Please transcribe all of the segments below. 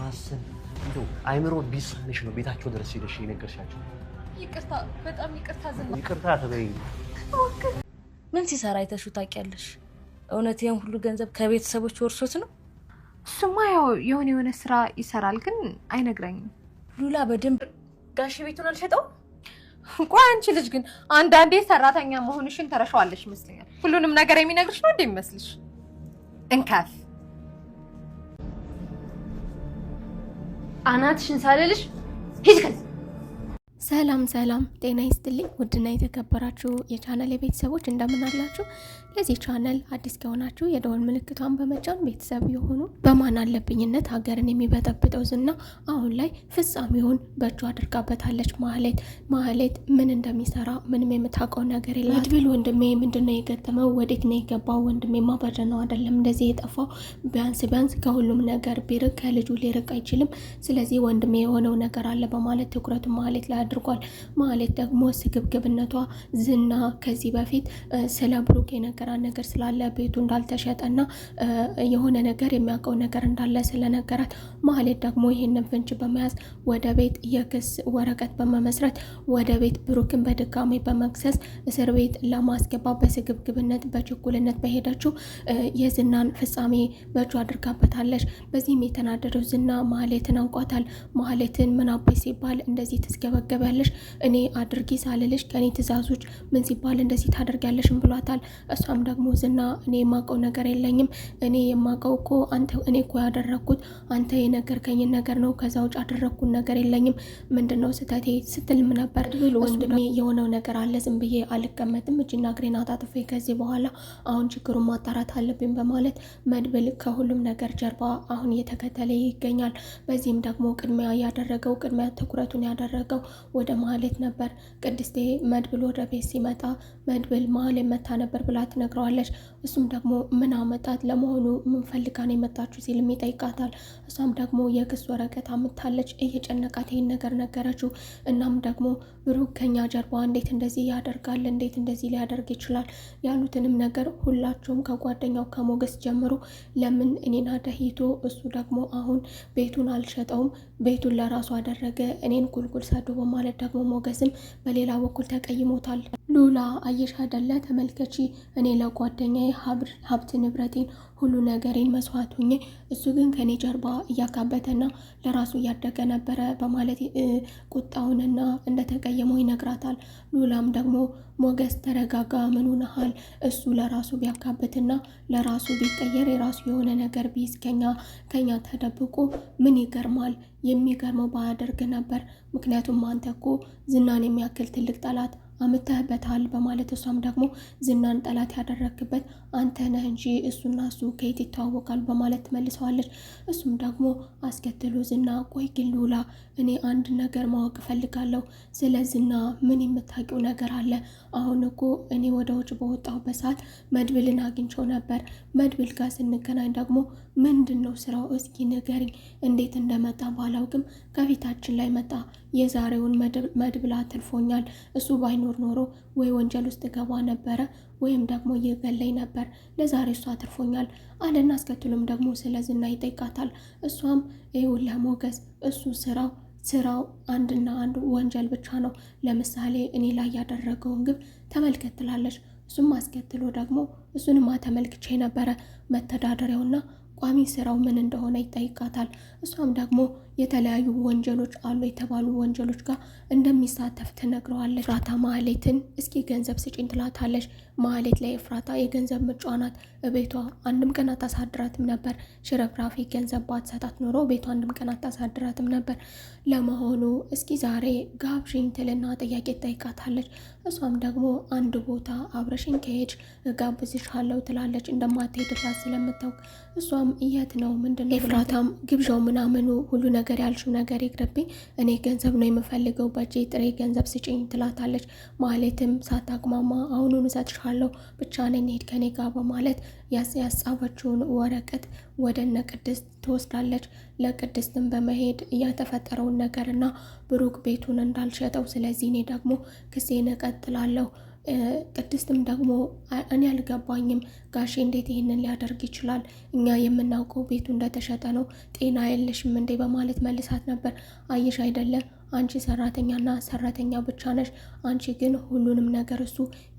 ማሰብ እንደው አይምሮ ቢሳንሽ ነው ቤታቸው ድረስ ሄደሽ የነገርሻቸው? ይቅርታ፣ በጣም ይቅርታ ዝና። ይቅርታ ተበይ። ምን ሲሰራ አይተሹ ታውቂያለሽ? እውነት ይህን ሁሉ ገንዘብ ከቤተሰቦች ወርሶት ነው? እሱማ ያው የሆነ የሆነ ስራ ይሰራል፣ ግን አይነግረኝም። ሉላ በደንብ ጋሽ ቤቱን አልሸጠው። ቆይ አንቺ ልጅ ግን አንዳንዴ ሰራተኛ መሆንሽን ተረሻዋለሽ ይመስለኛል። ሁሉንም ነገር የሚነግርሽ ነው እንደ እንካፍ አናትሽን ሳለልሽ ሂጅ ከዚህ። ሰላም ሰላም፣ ጤና ይስጥልኝ ውድና የተከበራችሁ የቻናል የቤተሰቦች እንደምን አላችሁ? ለዚህ ቻናል አዲስ ከሆናችሁ የደወል ምልክቷን በመጫን ቤተሰብ የሆኑ በማን አለብኝነት ሀገርን የሚበጠብጠው ዝና አሁን ላይ ፍጻሜውን በእጇ አድርጋበታለች። ማህሌት ማህሌት ምን እንደሚሰራ ምንም የምታውቀው ነገር የለ። መድብል ወንድሜ ምንድነው የገጠመው? ወዴት ነው የገባው? ማበደ ነው አይደለም እንደዚህ የጠፋው። ቢያንስ ቢያንስ ከሁሉም ነገር ቢርቅ ከልጁ ሊርቅ አይችልም። ስለዚህ ወንድሜ የሆነው ነገር አለ በማለት ትኩረቱን ማህሌት ላይ አድርጓል። ማህሌት ደግሞ ስግብግብነቷ ዝና ከዚህ በፊት ስለ ብሩክ የነገር የሚያወራ ነገር ስላለ ቤቱ እንዳልተሸጠና የሆነ ነገር የሚያውቀው ነገር እንዳለ ስለነገራት ማህሌት ደግሞ ይህንን ፍንጭ በመያዝ ወደ ቤት የክስ ወረቀት በመመስረት ወደ ቤት ብሩክን በድጋሚ በመክሰስ እስር ቤት ለማስገባ በስግብግብነት በችኩልነት በሄደችው የዝናን ፍጻሜ በእጁ አድርጋበታለች። በዚህም የተናደደው ዝና ማህሌትን አንቋታል። ማህሌትን ምናቤ ሲባል እንደዚህ ትስገበገቢያለሽ? እኔ አድርጊ ሳልልሽ ከኔ ትእዛዞች ምን ሲባል እንደዚህ ታደርጊያለሽም ብሏታል። እሷ በጣም ደግሞ ዝና እኔ የማውቀው ነገር የለኝም። እኔ የማውቀው እኮ አንተ እኔ እኮ ያደረግኩት አንተ የነገርከኝን ነገር ነው። ከዛ ውጭ ያደረግኩት ነገር የለኝም። ምንድን ነው ስህተቴ ስትልም ነበር። ወንድሜ የሆነው ነገር አለ። ዝም ብዬ አልቀመጥም። እጅና እግሬን አጣጥፌ ከዚህ በኋላ አሁን ችግሩን ማጣራት አለብኝ በማለት መድብል ከሁሉም ነገር ጀርባ አሁን እየተከተለ ይገኛል። በዚህም ደግሞ ቅድሚያ ያደረገው ቅድሚያ ትኩረቱን ያደረገው ወደ መሀሌት ነበር። ቅድስቴ መድብል ወደ ቤት ሲመጣ መድብል መሀሌት መታ ነበር ብላት ትነግረዋለች። እሱም ደግሞ ምን አመጣት ለመሆኑ ምን ፈልጋን የመጣችሁ ሲልም ይጠይቃታል። እሷም ደግሞ የክስ ወረቀት አምታለች። እየጨነቃት ይህን ነገር ነገረችው። እናም ደግሞ ብሩክ ከኛ ጀርባ እንዴት እንደዚህ ያደርጋል? እንዴት እንደዚህ ሊያደርግ ይችላል? ያሉትንም ነገር ሁላቸውም ከጓደኛው ከሞገስ ጀምሮ ለምን እኔና ደሂቶ እሱ ደግሞ አሁን ቤቱን አልሸጠውም ቤቱን ለራሱ አደረገ። እኔን ጉልጉል ሰድቦ ማለት ደግሞ ሞገስም በሌላ በኩል ተቀይሞታል። ሉላ አየሽ አይደለ ተመልከቺ፣ እኔ ለጓደኛዬ ሀብት ንብረቴን ሁሉ ነገሬን መስዋዕት ሁኜ እሱ ግን ከኔ ጀርባ እያካበተና ለራሱ እያደገ ነበረ በማለት ቁጣውንና እንደተቀየመው ይነግራታል። ሉላም ደግሞ ሞገስ ተረጋጋ፣ ምን ሆነሃል? እሱ ለራሱ ቢያካብትና ለራሱ ቢቀየር የራሱ የሆነ ነገር ቢይዝ ከኛ ከኛ ተደብቆ ምን ይገርማል? የሚገርመው ባያደርግ ነበር። ምክንያቱም አንተ እኮ ዝናን የሚያክል ትልቅ ጠላት አምተህበታል በማለት እሷም ደግሞ ዝናን ጠላት ያደረግክበት አንተ ነህ እንጂ እሱና እሱ ከየት ይተዋወቃል በማለት ትመልሰዋለች። እሱም ደግሞ አስከትሎ ዝና ቆይ ግን ሉላ እኔ አንድ ነገር ማወቅ እፈልጋለሁ። ስለ ዝና ምን የምታውቂው ነገር አለ? አሁን እኮ እኔ ወደ ውጭ በወጣሁበት ሰዓት መድብልን አግኝቸው ነበር። መድብል ጋር ስንገናኝ ደግሞ ምንድን ነው ስራው? እስኪ ንገሪኝ። እንዴት እንደመጣ ባላውቅም ከፊታችን ላይ መጣ። የዛሬውን መድብላ ትልፎኛል እሱ ባይኖር ኖሮ ወይ ወንጀል ውስጥ ገባ ነበረ ወይም ደግሞ ይገለኝ ነበር። ለዛሬ እሱ አትርፎኛል አለና አስከትሎም ደግሞ ስለ ዝና ይጠይቃታል። እሷም ይኸውልህ ለሞገስ እሱ ስራው ስራው አንድና አንድ ወንጀል ብቻ ነው። ለምሳሌ እኔ ላይ ያደረገውን ግብ ተመልከት ትላለች። እሱም አስከትሎ ደግሞ እሱንማ ተመልክቼ ነበረ መተዳደሪያውና ቋሚ ስራው ምን እንደሆነ ይጠይቃታል። እሷም ደግሞ የተለያዩ ወንጀሎች አሉ የተባሉ ወንጀሎች ጋር እንደሚሳተፍ ትነግረዋለች። ፍራታ ማህሌትን እስኪ ገንዘብ ስጪኝ ትላታለች። ማህሌት ላይ ፍራታ የገንዘብ ምጫናት ቤቷ አንድም ቀን አታሳድራትም ነበር። ሽረፍራፊ ገንዘብ ባትሰጣት ኖሮ ቤቷ አንድም ቀን አታሳድራትም ነበር። ለመሆኑ እስኪ ዛሬ ጋብሽኝ ትልና ጥያቄ ትጠይቃታለች። እሷም ደግሞ አንድ ቦታ አብረሽኝ ከሄድሽ ጋብዝሻለሁ ትላለች። እንደማትሄድላት ስለምታውቅ እሷም የት ነው ምንድን ፍራታም ግብዣው ምናምኑ ሁሉ ነገር ነገር ያልሽው ነገር ይቅርብኝ፣ እኔ ገንዘብ ነው የምፈልገው፣ በእጄ ጥሬ ገንዘብ ስጭኝ ትላታለች። ማለትም ሳታግማማ አሁኑን እሰጥሻለሁ፣ ብቻ ነኝ ሄድ ከኔ ጋር በማለት ያጻፈችውን ወረቀት ወደ እነ ቅድስት ትወስዳለች። ለቅድስትን በመሄድ እያተፈጠረውን ነገርና ብሩክ ቤቱን እንዳልሸጠው ስለዚህ እኔ ደግሞ ክሴን እቀጥላለሁ ቅድስትም ደግሞ እኔ አልገባኝም ጋሼ እንዴት ይህንን ሊያደርግ ይችላል? እኛ የምናውቀው ቤቱ እንደተሸጠ ነው። ጤና የለሽም እንዴ በማለት መልሳት ነበር። አየሽ አይደለም አንቺ ሰራተኛና ሰራተኛ ብቻ ነሽ። አንቺ ግን ሁሉንም ነገር እሱ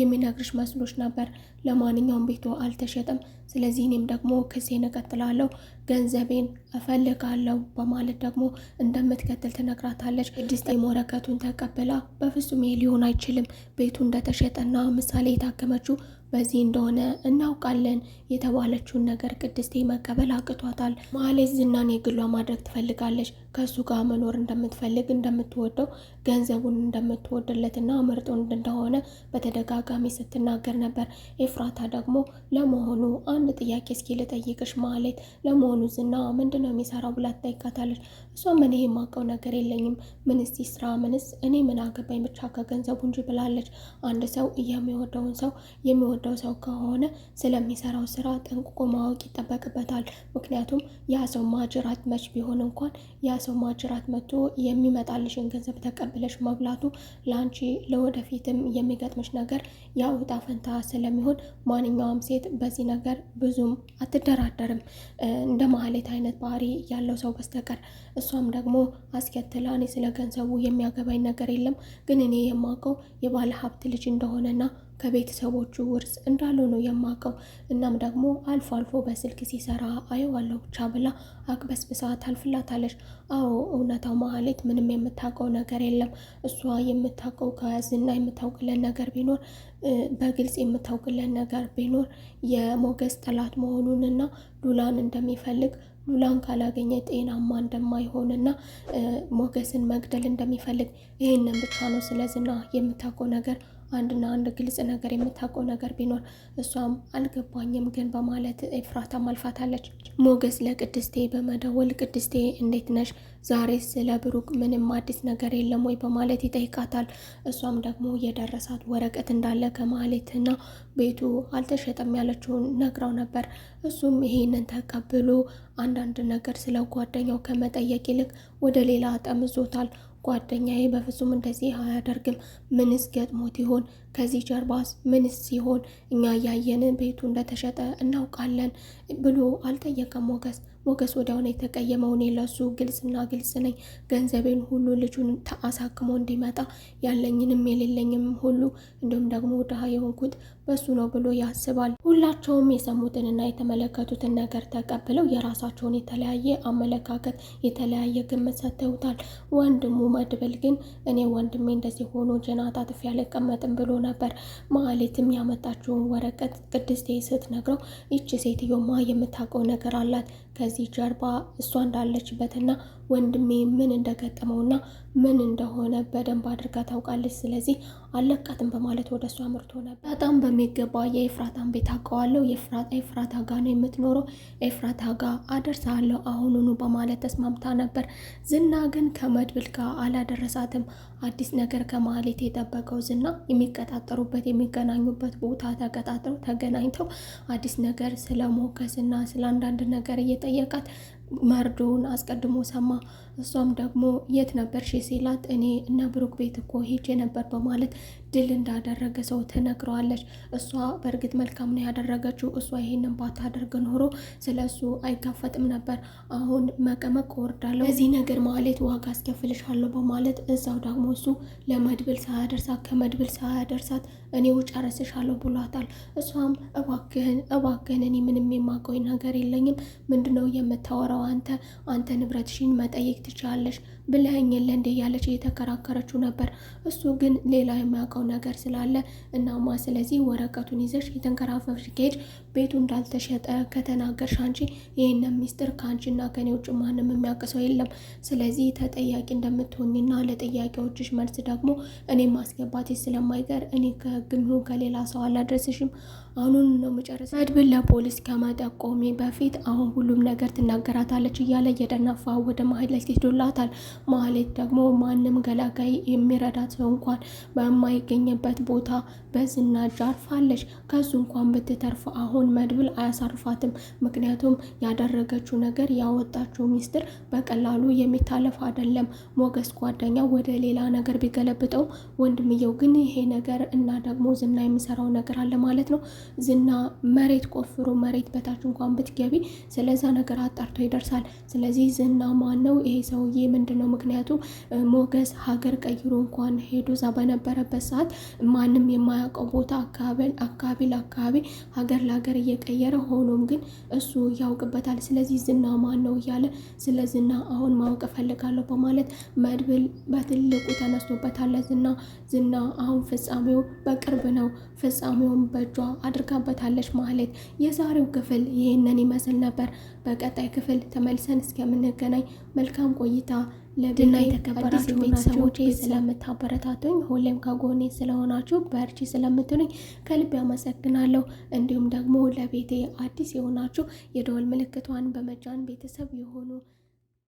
የሚነግርሽ መስሎች ነበር። ለማንኛውም ቤቱ አልተሸጠም። ስለዚህ እኔም ደግሞ ክሴን እቀጥላለሁ፣ ገንዘቤን እፈልጋለሁ በማለት ደግሞ እንደምትቀጥል ትነግራታለች። ቅድስት ወረቀቱን ተቀብላ በፍጹም ይሄ ሊሆን አይችልም፣ ቤቱ እንደተሸጠና ምሳሌ የታከመችው በዚህ እንደሆነ እናውቃለን የተባለችውን ነገር ቅድስቴ መቀበል አቅቷታል። መሀሌት ዝናን የግሏ ማድረግ ትፈልጋለች። ከእሱ ጋር መኖር እንደምትፈልግ እንደምትወደው፣ ገንዘቡን እንደምትወድለትና ምርጡ እንደሆነ በተደጋጋሚ ስትናገር ነበር። ኤፍራታ ደግሞ ለመሆኑ አንድ ጥያቄ እስኪ ልጠይቅሽ መሀሌት፣ ለመሆኑ ዝና ምንድን ነው የሚሰራው ብላ ትጠይቃታለች። እሷ ምን የማውቀው ነገር የለኝም፣ ምንስ ስራ ምንስ እኔ ምን አገባኝ ብቻ ከገንዘቡ እንጂ ብላለች። አንድ ሰው የሚወደውን ሰው የሚወ የሚጎዳው ሰው ከሆነ ስለሚሰራው ስራ ጠንቅቆ ማወቅ ይጠበቅበታል። ምክንያቱም ያ ሰው ማጅራት መች ቢሆን እንኳን ያ ሰው ማጅራት መጥቶ የሚመጣልሽን ገንዘብ ተቀብለሽ መብላቱ ለአንቺ ለወደፊትም የሚገጥምሽ ነገር ያው ፈንታ ስለሚሆን ማንኛውም ሴት በዚህ ነገር ብዙም አትደራደርም እንደ መሀሌት አይነት ባህሪ ያለው ሰው በስተቀር። እሷም ደግሞ አስከትላ እኔ ስለ ገንዘቡ የሚያገባኝ ነገር የለም ግን እኔ የማውቀው የባለ ሀብት ልጅ እንደሆነና ከቤተሰቦቹ ውርስ እንዳለው ነው የማውቀው። እናም ደግሞ አልፎ አልፎ በስልክ ሲሰራ አየዋለሁ። አቅበስ አቅበስብሳ ታልፍላታለች። አዎ እውነታው መሀሌት ምንም የምታውቀው ነገር የለም። እሷ የምታውቀው ከዝና የምታውቅለን ነገር ቢኖር በግልጽ የምታውቅለን ነገር ቢኖር የሞገስ ጠላት እና ሉላን እንደሚፈልግ ሉላን ካላገኘ ጤናማ እንደማይሆንና ሞገስን መግደል እንደሚፈልግ ይህንን ብቻ ነው ስለ ዝና የምታውቀው ነገር አንድና አንድ ግልጽ ነገር የምታውቀው ነገር ቢኖር እሷም አልገባኝም ግን በማለት ኤፍራታ ማልፋታለች። ሞገስ ለቅድስቴ በመደወል ቅድስቴ እንዴት ነሽ? ዛሬ ስለ ብሩክ ምንም አዲስ ነገር የለም ወይ በማለት ይጠይቃታል። እሷም ደግሞ የደረሳት ወረቀት እንዳለ ከማህሌትና ቤቱ አልተሸጠም ያለችውን ነግራው ነበር። እሱም ይሄንን ተቀብሎ አንዳንድ ነገር ስለ ጓደኛው ከመጠየቅ ይልቅ ወደ ሌላ ጠምዞታል። ጓደኛዬ በፍጹም እንደዚህ አያደርግም። ምንስ ገጥሞት ይሆን? ከዚህ ጀርባስ ምንስ ሲሆን እኛ እያየን ቤቱ እንደተሸጠ እናውቃለን ብሎ አልጠየቀም ሞገስ። ሞገስ ወዲያውኑ የተቀየመው እኔ ለሱ ግልጽና ግልጽ ነኝ። ገንዘቤን ሁሉ ልጁን አሳክሞ እንዲመጣ ያለኝንም የሌለኝም ሁሉ እንዲሁም ደግሞ ድሃ የሆንኩት በሱ ነው ብሎ ያስባል። ሁላቸውም የሰሙትንና የተመለከቱትን ነገር ተቀብለው የራሳቸውን የተለያየ አመለካከት፣ የተለያየ ግምት ሰጥተውታል። ወንድሙ መድብል ግን እኔ ወንድሜ እንደዚህ ሆኖ ጀናታ ጥፊ አልቀመጥም ብሎ ነበር። ማህሌትም ያመጣችውን ወረቀት ቅድስት ስትነግረው ይቺ ሴትዮማ የምታውቀው ነገር አላት ከዚህ ጀርባ እሷ እንዳለችበትና ወንድሜ ምን እንደገጠመውና ምን እንደሆነ በደንብ አድርጋ ታውቃለች። ስለዚህ አለቃትም በማለት ወደ እሷ ምርቶ ነበር። በጣም በሚገባ የኤፍራታን ቤት አውቀዋለሁ፣ ኤፍራታ ጋ ነው የምትኖረው፣ ኤፍራታ ጋ አደርሳለሁ አሁኑኑ በማለት ተስማምታ ነበር። ዝና ግን ከመድብል ጋር አላደረሳትም። አዲስ ነገር ከማሌት የጠበቀው ዝና የሚቀጣጠሩበት የሚገናኙበት ቦታ ተቀጣጥረው ተገናኝተው አዲስ ነገር ስለ ሞከስና ስለ አንዳንድ ነገር የጠየቃት መርዶውን አስቀድሞ ሰማ። እሷም ደግሞ የት ሽ ሲላት እኔ እነ ብሩክ ቤት እኮ ሄጄ ነበር በማለት ድል እንዳደረገ ሰው ትነግረዋለች። እሷ በእርግጥ መልካም ነው ያደረገችው። እሷ ይሄንን ባታደርግ ኖሮ ስለ እሱ አይጋፈጥም ነበር። አሁን መቀመቅ ወርዳለሁ፣ በዚህ ነገር ማለት ዋጋ አስከፍልሻለሁ በማለት እዛው ደግሞ እሱ ለመድብል ሳያደርሳት ከመድብል ሳያደርሳት እኔው ጨረስሻለሁ ብሏታል። እሷም እባክህን እባክህን እኔ ምንም የማውቀው ነገር የለኝም ምንድነው የምታወራው አንተ አንተ ንብረትሽን መጠየቅ ትችላለሽ ብለኸኝ የለ እንዴ እያለች እየተከራከረችው ነበር። እሱ ግን ሌላ የማያውቀው ነገር ስላለ እናማ ስለዚህ ወረቀቱን ይዘሽ የተንከራፈፍሽ ከሄድሽ ቤቱ እንዳልተሸጠ ከተናገርሽ አንቺ ይህንን ሚስጥር ከአንቺና ከኔ ውጭ ማንም የሚያቅሰው የለም። ስለዚህ ተጠያቂ እንደምትሆኝና ለጥያቄዎችሽ መልስ ደግሞ እኔ ማስገባትሽ ስለማይቀር እኔ ከህግም ይሁን ከሌላ ሰው አላድረስሽም አሁኑን ነው መጨረስ። መድብል ለፖሊስ ከመጠቆሜ በፊት አሁን ሁሉም ነገር ትናገራታለች እያለ እየደነፋ ወደ ማህሌት ይዶላታል። ማህሌት ደግሞ ማንም ገላጋይ የሚረዳት ሰው እንኳን በማይገኝበት ቦታ በዝና እጅ አርፋለች። ከሱ እንኳን ብትተርፍ አሁን መድብል አያሳርፋትም። ምክንያቱም ያደረገችው ነገር ያወጣችው ሚስጥር በቀላሉ የሚታለፍ አይደለም። ሞገስ ጓደኛ ወደ ሌላ ነገር ቢገለብጠው፣ ወንድምየው ግን ይሄ ነገር እና ደግሞ ዝና የሚሰራው ነገር አለ ማለት ነው ዝና መሬት ቆፍሮ መሬት በታች እንኳን ብትገቢ ስለዛ ነገር አጣርቶ ይደርሳል። ስለዚህ ዝና ማን ነው? ይሄ ሰውዬ ምንድን ነው ምክንያቱ? ሞገስ ሀገር ቀይሮ እንኳን ሄዶ እዛ በነበረበት ሰዓት ማንም የማያውቀው ቦታ አካባቢ ለአካባቢ ሀገር ለሀገር እየቀየረ ሆኖም ግን እሱ ያውቅበታል። ስለዚህ ዝና ማን ነው እያለ ስለ ዝና አሁን ማወቅ እፈልጋለሁ በማለት መድብል በትልቁ ተነስቶበታል። ዝና ዝና አሁን ፍጻሜው በቅርብ ነው። ፍጻሜውን በእጇ አድርጋበታለች ማለት። የዛሬው ክፍል ይህንን ይመስል ነበር። በቀጣይ ክፍል ተመልሰን እስከምንገናኝ መልካም ቆይታ። ለድና የተከበራችሁ ቤተሰቦች ስለምታበረታቱኝ ሁሌም ከጎኔ ስለሆናችሁ በርቺ ስለምትሉኝ ከልብ ያመሰግናለሁ። እንዲሁም ደግሞ ለቤቴ አዲስ የሆናችሁ የደወል ምልክቷን በመጫን ቤተሰብ የሆኑ